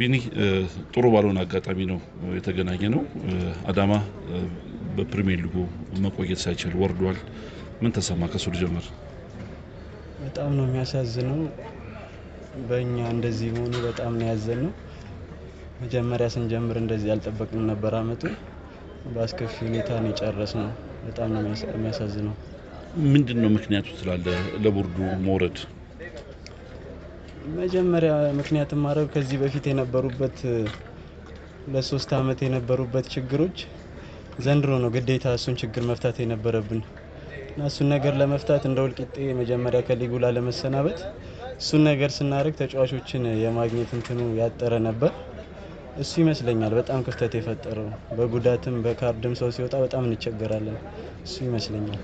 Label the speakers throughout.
Speaker 1: ቢኒ ጥሩ ባልሆነ አጋጣሚ ነው የተገናኘ ነው። አዳማ በፕሪሚየር ሊጉ መቆየት ሳይችል ወርዷል። ምን ተሰማ? ከሱ ልጀምር።
Speaker 2: በጣም ነው የሚያሳዝነው። በእኛ እንደዚህ መሆኑ በጣም ነው ያዘነው። መጀመሪያ ስንጀምር እንደዚህ ያልጠበቅም ነበር። አመቱ በአስከፊ ሁኔታ ነው የጨረስ ነው። በጣም ነው የሚያሳዝነው።
Speaker 1: ምንድን ነው ምክንያቱ ስላለ ለቦርዱ መውረድ?
Speaker 2: መጀመሪያ ምክንያት ማድረግ ከዚህ በፊት የነበሩበት ለሶስት አመት የነበሩበት ችግሮች ዘንድሮ ነው ግዴታ እሱን ችግር መፍታት የነበረብን እና እሱን ነገር ለመፍታት እንደ ውልቂጤ መጀመሪያ ከሊጉላ ለመሰናበት እሱን ነገር ስናደርግ ተጫዋቾችን የማግኘት እንትኑ ያጠረ ነበር። እሱ ይመስለኛል በጣም ክፍተት የፈጠረው። በጉዳትም በካርድም ሰው ሲወጣ በጣም እንቸገራለን። እሱ ይመስለኛል።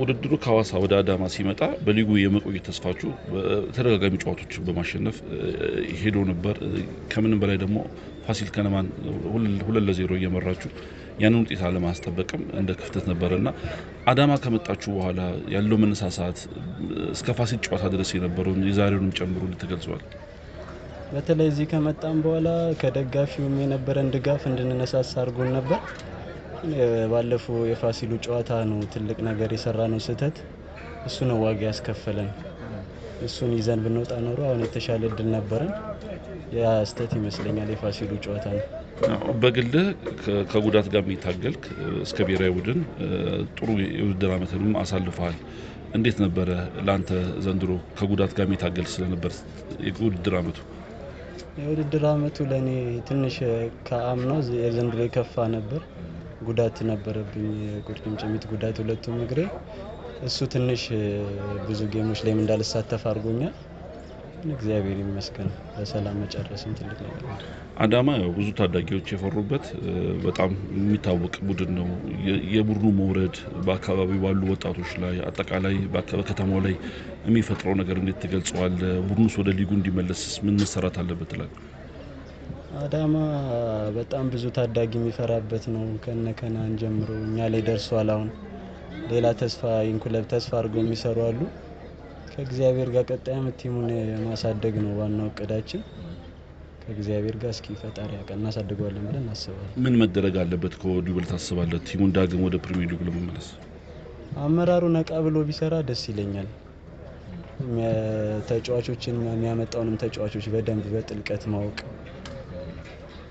Speaker 1: ውድድሩ ከሀዋሳ ወደ አዳማ ሲመጣ በሊጉ የመቆየት ተስፋችሁ በተደጋጋሚ ጨዋቶች በማሸነፍ ሄዶ ነበር። ከምንም በላይ ደግሞ ፋሲል ከነማን ሁለት ለዜሮ እየመራችሁ ያንን ውጤት አለማስጠበቅም እንደ ክፍተት ነበረ እና አዳማ ከመጣችሁ በኋላ ያለው መነሳሳት እስከ ፋሲል ጨዋታ ድረስ የነበረውን የዛሬውንም ጨምሮ ልትገልጸዋል?
Speaker 2: በተለይ እዚህ ከመጣም በኋላ ከደጋፊውም የነበረን ድጋፍ እንድንነሳሳ አድርጎን ነበር። ባለፈው የፋሲሉ ጨዋታ ነው ትልቅ ነገር የሰራነው ስህተት፣ እሱ ነው ዋጋ ያስከፈለን። እሱን ይዘን ብንወጣ ኖሮ አሁን የተሻለ እድል ነበረን። ያ ስህተት ይመስለኛል የፋሲሉ ጨዋታ ነው።
Speaker 1: በግልህ ከጉዳት ጋር የሚታገልክ እስከ ብሔራዊ ቡድን ጥሩ የውድድር አመትንም አሳልፈሃል። እንዴት ነበረ ለአንተ ዘንድሮ ከጉዳት ጋር የሚታገል ስለነበር የውድድር ዓመቱ?
Speaker 2: የውድድር አመቱ ለእኔ ትንሽ ከአምናው የዘንድሮ የከፋ ነበር። ጉዳት ነበረብኝ፣ ቁርጭምጭሚት ጉዳት ሁለቱም እግሬ። እሱ ትንሽ ብዙ ጌሞች ላይም እንዳልሳተፍ አድርጎኛል። እግዚአብሔር ይመስገን በሰላም መጨረስም ትልቅ ነገር ነው።
Speaker 1: አዳማ ያው ብዙ ታዳጊዎች የፈሩበት በጣም የሚታወቅ ቡድን ነው። የቡድኑ መውረድ በአካባቢው ባሉ ወጣቶች ላይ አጠቃላይ በከተማው ላይ የሚፈጥረው ነገር እንዴት ትገልጸዋል? ቡድኑስ ወደ ሊጉ እንዲመለስ ምን መሰራት አለበት ትላል?
Speaker 2: አዳማ በጣም ብዙ ታዳጊ የሚፈራበት ነው። ከነከናን ጀምሮ እኛ ላይ ደርሷል። አሁን ሌላ ተስፋ ይህን ተስፋ አድርገው የሚሰሩ አሉ ከእግዚአብሔር ጋር ቀጣይ አመት ቲሙን ማሳደግ ነው ዋናው እቅዳችን። ከእግዚአብሔር ጋር እስኪ ፈጣሪ ያውቃል እናሳድገዋለን ብለን እናስባለን።
Speaker 1: ምን መደረግ አለበት ከወዲሁ ብለህ ታስባለህ? ቲሙን ዳግም ወደ ፕሪሚየር ሊግ ለመመለስ
Speaker 2: አመራሩ ነቃ ብሎ ቢሰራ ደስ ይለኛል። ተጫዋቾችን የሚያመጣውንም ተጫዋቾች በደንብ በጥልቀት ማወቅ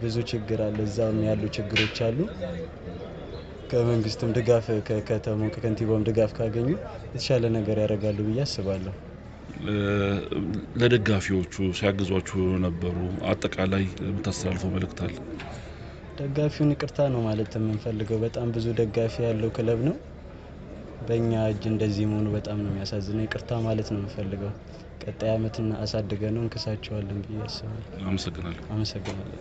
Speaker 2: ብዙ ችግር አለ። እዛም ያሉ ችግሮች አሉ። ከመንግስትም ድጋፍ ከከተማው ከከንቲባውም ድጋፍ ካገኙ የተሻለ ነገር ያደርጋሉ ብዬ አስባለሁ።
Speaker 1: ለደጋፊዎቹ ሲያግዟችሁ ነበሩ፣ አጠቃላይ የምታስተላልፈው መልእክት አለ?
Speaker 2: ደጋፊውን ይቅርታ ነው ማለት የምንፈልገው። በጣም ብዙ ደጋፊ ያለው ክለብ ነው። በእኛ እጅ እንደዚህ መሆኑ በጣም ነው የሚያሳዝነው። ይቅርታ ማለት ነው የምንፈልገው። ቀጣይ አመትና አሳድገ ነው እንክሳቸዋለን ብዬ አስባለሁ።
Speaker 1: አመሰግናለሁ። አመሰግናለሁ።